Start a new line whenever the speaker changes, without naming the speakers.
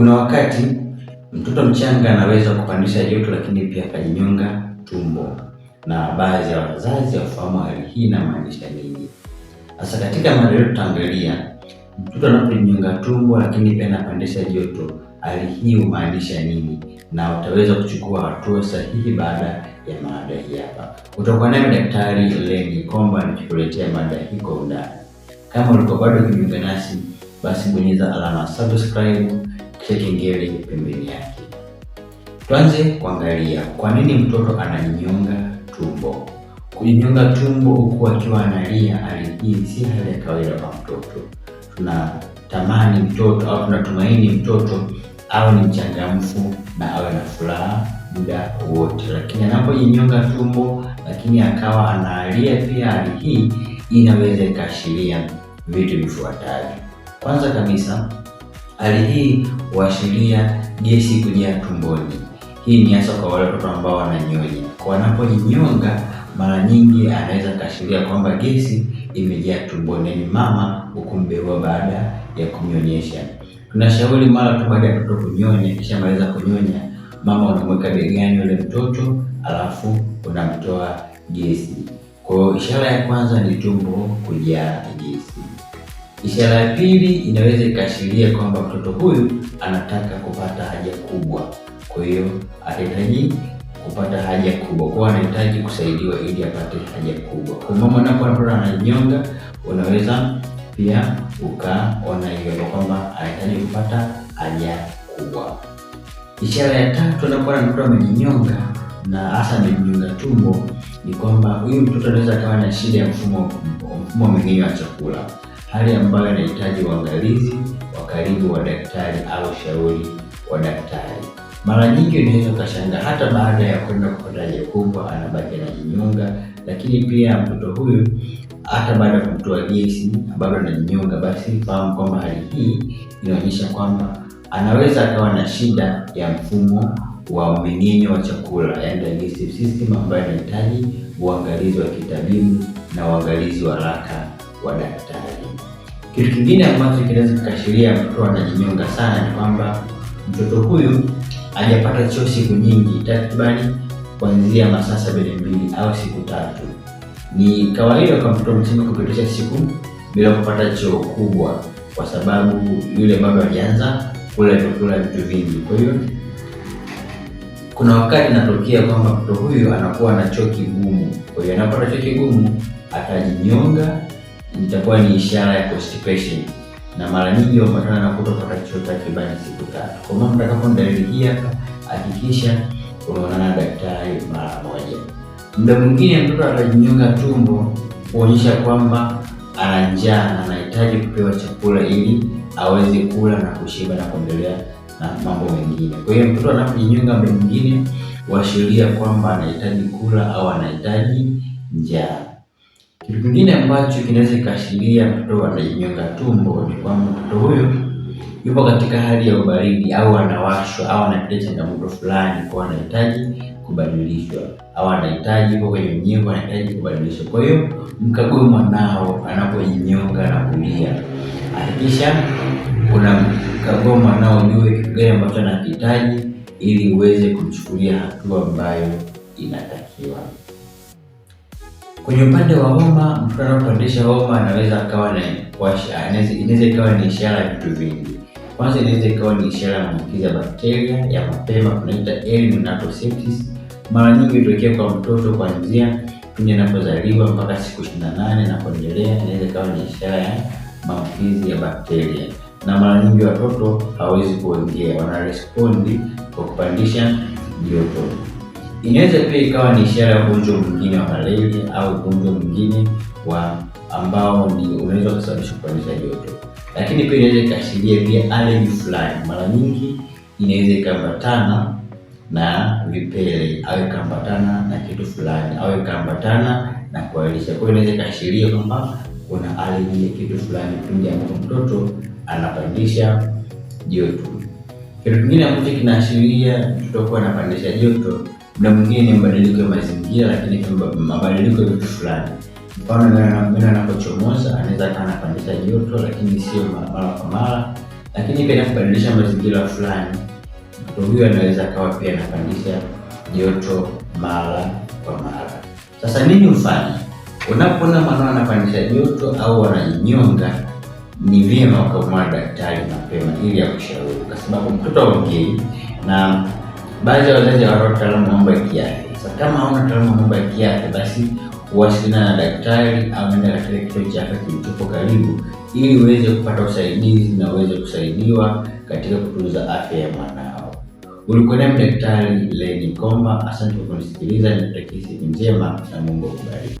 Kuna wakati mtoto mchanga anaweza kupandisha joto, lakini pia akajinyonga tumbo, na baadhi ya wazazi wafahamu hali hii inamaanisha nini. Sasa katika mada yetu tutaangalia mtoto anapojinyonga tumbo, lakini pia anapandisha joto, hali hii humaanisha nini, na utaweza kuchukua hatua sahihi baada ya mada hii. Hapa utakuwa naye Daktari Lenny Komba nikikuletea mada hii kwa undani. Kama ulikuwa bado ukijiunga nasi, basi bonyeza alama subscribe kile kengele pembeni yake. Tuanze kuangalia kwa nini mtoto ananyonga tumbo. Kunyonga tumbo huku akiwa analia, hii si hali ya kawaida kwa mtoto. Tunatamani mtoto au tunatumaini mtoto awe ni mchangamfu na awe na furaha muda wote, lakini anapojinyonga tumbo, lakini akawa analia pia, hali hii inaweza ikaashiria vitu vifuatavyo. Kwanza kabisa Hali hii huashiria gesi kujaa tumboni. Hii ni hasa kwa wale watoto ambao wananyonya. Kwa wanaponyonga, mara nyingi anaweza kaashiria kwamba gesi imejaa tumboni, ni yaani mama hukumbeua baada ya kunyonyesha Tunashauri mara tu baada ya mtoto kunyonya, kisha maliza kunyonya, mama unamweka begani yule mtoto, alafu unamtoa gesi. Kwa hiyo ishara ya kwanza ni tumbo kujaa gesi. Ishara ya pili inaweza ikaashiria kwamba mtoto huyu anataka kupata haja kubwa, kwa hiyo atahitaji kupata haja kubwa, kwa anahitaji kusaidiwa ili apate haja kubwa. Kwa mama anapoona ananyonga, unaweza pia ukaona hiyo kwamba anahitaji kupata haja kubwa. Ishara ya tatu anapoona mtoto amejinyonga na hasa amejinyonga tumbo, ni kwamba huyu mtoto anaweza akawa na shida ya mfumo mfumo mwingine wa chakula hali ambayo inahitaji uangalizi wa karibu wa daktari au ushauri wa daktari. Mara nyingi unaweza ukashanga hata baada ya kwenda kupata haja kubwa anabaki anajinyonga, lakini pia mtoto huyu hata baada ya kumtoa gesi bado anajinyonga, basi fahamu kwamba hali hii inaonyesha kwamba anaweza akawa na shida ya mfumo wa mmeng'enyo wa chakula, yaani digestive system, ambayo inahitaji uangalizi wa kitabibu na uangalizi wa haraka wa daktari. Kitu kingine ambacho kinaweza kikaashiria mtoto anajinyonga sana ni kwamba mtoto huyu hajapata choo siku nyingi, takribani kuanzia masaa sabini mbili au siku tatu. Ni kawaida kwa mtoto mzima kupitisha siku bila kupata choo kubwa, kwa sababu yule bado hajaanza kula vyakula vitu vingi. Kwa hiyo kuna wakati inatokea kwamba mtoto huyu anakuwa na choo kigumu, kwa hiyo anapata choo kigumu atajinyonga itakuwa ni ishara ya constipation na mara nyingi huambatana na kutopata choo takribani siku tatu. Kwa maana mtakapoona dalili hii hapa, hakikisha unaonana na daktari mara moja. Muda mwingine mtoto atajinyonga tumbo kuonyesha kwamba ana njaa na anahitaji kupewa chakula ili aweze kula na kushiba na kuendelea na mambo mengine. Kwa hiyo mtoto anapojinyonga muda mwingine huashiria kwamba anahitaji kula au anahitaji njaa. Kitu kingine ambacho kinaweza kikaashiria mtoto amejinyonga tumbo ni kwamba mtoto huyo yupo katika hali ya ubaridi au anawashwa au anapitia changamoto fulani, kwa anahitaji kubadilishwa au anahitaji kwa kwenye unyevu, anahitaji kubadilishwa. Kwa hiyo mkague mwanao anapojinyonga na kulia, hakikisha unamkagua mwanao, ujue kitu gani ambacho anakihitaji ili uweze kumchukulia hatua ambayo inatakiwa. Kwenye upande wa homa, mtu anapoendesha homa anaweza akawa na inaweza ikawa ni ishara ya vitu vingi. Kwanza inaweza ikawa ni ishara ya maambukizi ya bakteria ya mapema, tunaita early neonatal sepsis. Mara nyingi hutokea kwa mtoto kuanzia pindi anapozaliwa mpaka siku 28 na kuendelea. Inaweza ikawa ni ishara ya maambukizi ya bakteria, na mara nyingi watoto hawawezi kuongea, wanarespondi kwa kupandisha joto. Inaweza pia ikawa ni ishara ya ugonjwa mwingine wa malaria au ugonjwa mwingine wa ambao ni unaweza kusababisha kupandisha joto, lakini pia inaweza ikaashiria pia allergy fulani. Mara nyingi inaweza ikaambatana na vipele au ikaambatana na kitu fulani au ikaambatana na kuharisha. Kwa hiyo inaweza ikaashiria kwamba kuna allergy ya kitu fulani pindi ambapo mtoto anapandisha joto. Kitu kingine ambacho kinaashiria mtoto kuwa anapandisha joto muda mwingine ni mabadiliko ya mazingira, lakini mabadiliko ya vitu fulani. Mfano, meno anapochomoza anaweza kaa anapandisha joto, lakini sio mara kwa mara, lakini pia anapobadilisha mazingira fulani, mtu huyo anaweza kawa pia anapandisha joto mara kwa mara. Sasa nini ufanye unapoona mwanao anapandisha joto au wananyonga Ni vyema ukamwona daktari mapema ili akushauri, kwa sababu mtoto aongei na baadhi ya wazazi hawana utaalamu wa mambo ya kiafya. Sasa kama hauna utaalamu wa mambo ya kiafya, basi wasiliana na daktari au nenda katika kituo cha afya kilichopo karibu, ili uweze kupata usaidizi na uweze kusaidiwa katika kutunza afya ya mwanao. Ulikuwa nami Daktari Leni Komba, asante kwa kunisikiliza. Nikutakia siku njema na Mungu akubariki.